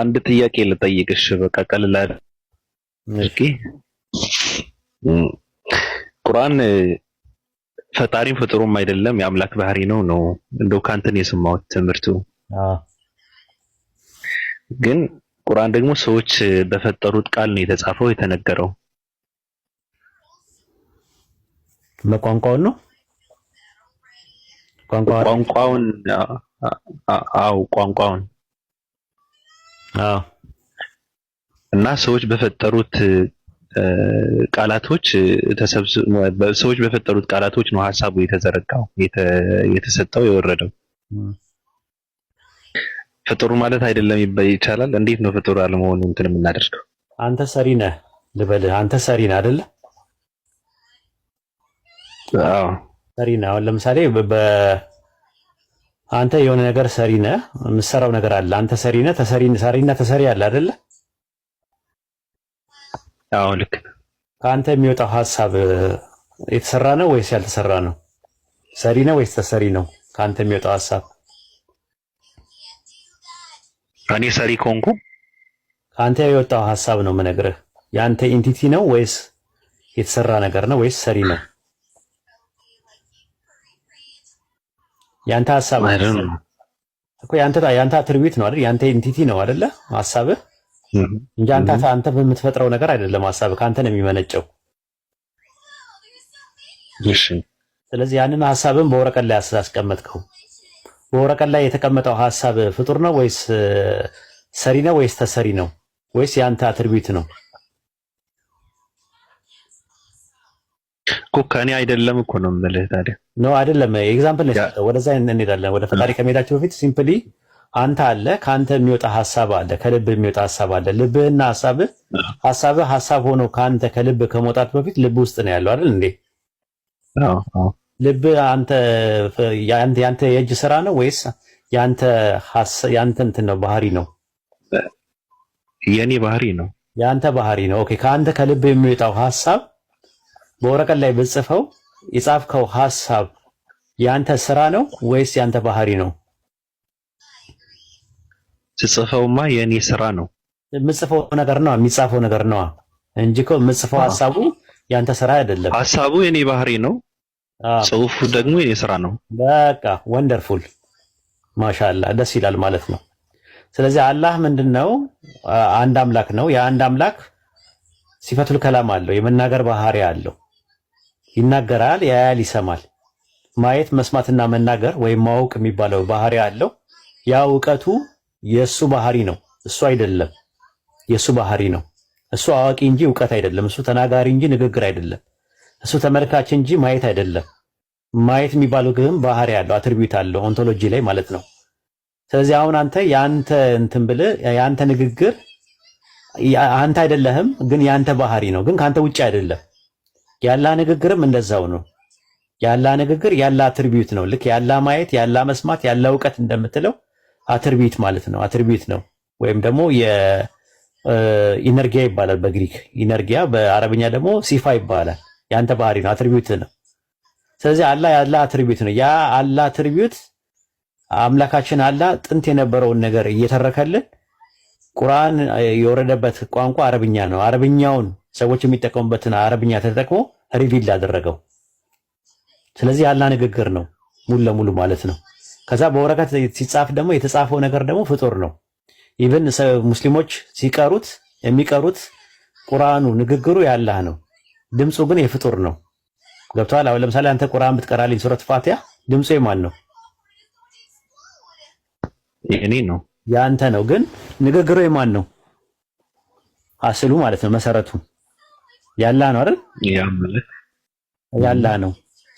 አንድ ጥያቄ ልጠይቅሽ። በቃ ቀልላል። እስኪ ቁርአን ፈጣሪም ፍጥሩም አይደለም የአምላክ ባህሪ ነው ነው እንደው ካንተን የሰማሁት ትምህርቱ። ግን ቁርአን ደግሞ ሰዎች በፈጠሩት ቃል ነው የተጻፈው የተነገረው። በቋንቋውን ነው ቋንቋውን አው ቋንቋውን እና ሰዎች በፈጠሩት ቃላቶች ሰዎች በፈጠሩት ቃላቶች ነው ሀሳቡ የተዘረጋው የተሰጠው የወረደው። ፈጠሩ ማለት አይደለም ይቻላል። እንዴት ነው ፈጠሩ አለመሆኑ እንትን የምናደርገው? አንተ ሰሪ ነህ ልበልህ፣ አንተ ሰሪ ነህ አይደለ? ሰሪ ነህ። አሁን ለምሳሌ አንተ የሆነ ነገር ሰሪ ነህ፣ የምትሰራው ነገር አለ። አንተ ሰሪ ነህ፣ ተሰሪ ተሰሪ አለ አይደለ? አዎ ልክ። ከአንተ የሚወጣው ሀሳብ የተሰራ ነው ወይስ ያልተሰራ ነው? ሰሪ ነው ወይስ ተሰሪ ነው? ከአንተ የሚወጣው ሀሳብ እኔ ሰሪ ኮንኩ። ከአንተ የወጣው ሀሳብ ነው የምነግርህ። የአንተ ኢንቲቲ ነው ወይስ የተሰራ ነገር ነው ወይስ ሰሪ ነው? ያንተ ሀሳብ እኮ ያንተ አትሪቢዩት ነው አይደል? ያንተ ኢንቲቲ ነው አይደለ? ሀሳብ እንጂ አንተ በምትፈጥረው ነገር አይደለም። ሀሳብ ከአንተ ነው የሚመነጨው። ስለዚህ ያንን ሀሳብን በወረቀት ላይ አስቀመጥከው። በወረቀት ላይ የተቀመጠው ሀሳብ ፍጡር ነው ወይስ ሰሪ ነው ወይስ ተሰሪ ነው ወይስ ያንተ አትሪቢዩት ነው? እኮ ከእኔ አይደለም እኮ ነው የምልህ። ታዲያ ኖ አይደለም፣ ኤግዛምፕል ነው። ወደዛ እንሄዳለን። ወደ ፈጣሪ ከመሄዳችን በፊት ሲምፕሊ አንተ አለ፣ ከአንተ የሚወጣ ሀሳብ አለ፣ ከልብ የሚወጣ ሀሳብ አለ። ልብህና ሀሳብህ ሀሳብህ ሀሳብ ሆኖ ከአንተ ከልብ ከመውጣት በፊት ልብ ውስጥ ነው ያለው አይደል እንዴ? ልብ አንተ ያንተ የእጅ ስራ ነው ወይስ ያንተ ያንተ እንትን ነው? ባህሪ ነው። የእኔ ባህሪ ነው። ያንተ ባህሪ ነው። ኦኬ። ከአንተ ከልብ የሚወጣው ሀሳብ በወረቀት ላይ ብጽፈው የጻፍከው ሀሳብ የአንተ ስራ ነው ወይስ የአንተ ባህሪ ነው? ስጽፈውማ የእኔ ስራ ነው። የምጽፈው ነገር ነዋ፣ የሚጻፈው ነገር ነዋ እንጂ እኮ የምጽፈው ሀሳቡ ያንተ ስራ አይደለም። ሀሳቡ የኔ ባህሪ ነው፣ ጽሁፉ ደግሞ የኔ ስራ ነው። በቃ ወንደርፉል፣ ማሻላ ደስ ይላል ማለት ነው። ስለዚህ አላህ ምንድን ነው? አንድ አምላክ ነው። የአንድ አምላክ ሲፈቱል ከላም አለው፣ የመናገር ባህሪ አለው። ይናገራል፣ ያያል፣ ይሰማል። ማየት መስማትና መናገር ወይም ማወቅ የሚባለው ባህሪ አለው። ያ እውቀቱ የእሱ ባህሪ ነው፣ እሱ አይደለም። የእሱ ባህሪ ነው። እሱ አዋቂ እንጂ እውቀት አይደለም። እሱ ተናጋሪ እንጂ ንግግር አይደለም። እሱ ተመልካች እንጂ ማየት አይደለም። ማየት የሚባለው ግን ባህሪ አለው፣ አትሪቢዩት አለው፣ ኦንቶሎጂ ላይ ማለት ነው። ስለዚህ አሁን አንተ የአንተ እንትን ብለህ የአንተ ንግግር አንተ አይደለህም፣ ግን የአንተ ባህሪ ነው፣ ግን ከአንተ ውጭ አይደለም። ያላ ንግግርም እንደዛው ነው። ያላ ንግግር ያላ አትርቢዩት ነው። ልክ ያላ ማየት፣ ያላ መስማት፣ ያላ እውቀት እንደምትለው አትርቢዩት ማለት ነው። አትርቢዩት ነው ወይም ደግሞ ኢነርጊያ ይባላል በግሪክ ኢነርጊያ፣ በአረብኛ ደግሞ ሲፋ ይባላል። ያንተ ባህሪ ነው፣ አትርቢዩት ነው። ስለዚህ አላ ያላ አትርቢዩት ነው። ያ አላ አትርቢዩት አምላካችን አላ ጥንት የነበረውን ነገር እየተረከልን ቁርአን የወረደበት ቋንቋ አረብኛ ነው። አረብኛውን ሰዎች የሚጠቀሙበትን አረብኛ ተጠቅሞ ሪቪል ላደረገው። ስለዚህ ያላ ንግግር ነው ሙሉ ለሙሉ ማለት ነው። ከዛ በወረቀት ሲጻፍ ደግሞ የተጻፈው ነገር ደግሞ ፍጡር ነው። ኢብን ሙስሊሞች ሲቀሩት የሚቀሩት ቁርአኑ ንግግሩ ያላህ ነው፣ ድምፁ ግን የፍጡር ነው። ገብቷል? አሁን ለምሳሌ አንተ ቁርአን ብትቀራልኝ ሱረት ፋቲያ ድምፁ የማን ነው? የኔ ነው፣ ያንተ ነው። ግን ንግግሩ የማን ነው? አስሉ ማለት ነው መሰረቱ ያላ ነው አይደል? ያላ ነው።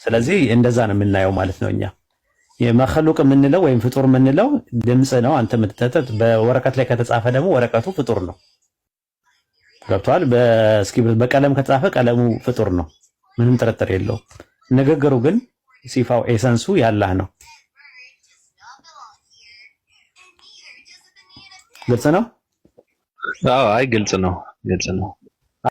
ስለዚህ እንደዛ ነው የምናየው ማለት ነው። እኛ የመኸሉቅ የምንለው ወይም ፍጡር የምንለው ድምፅ ነው። አንተ የምትተጠጥ በወረቀት ላይ ከተጻፈ ደግሞ ወረቀቱ ፍጡር ነው። ገብቷል። በእስክሪብቶ በቀለም ከተጻፈ ቀለሙ ፍጡር ነው። ምንም ጥርጥር የለውም። ንግግሩ ግን ሲፋው ኤሰንሱ ያላህ ነው። ግልጽ ነው። አይ ግልጽ ነው። ግልጽ ነው።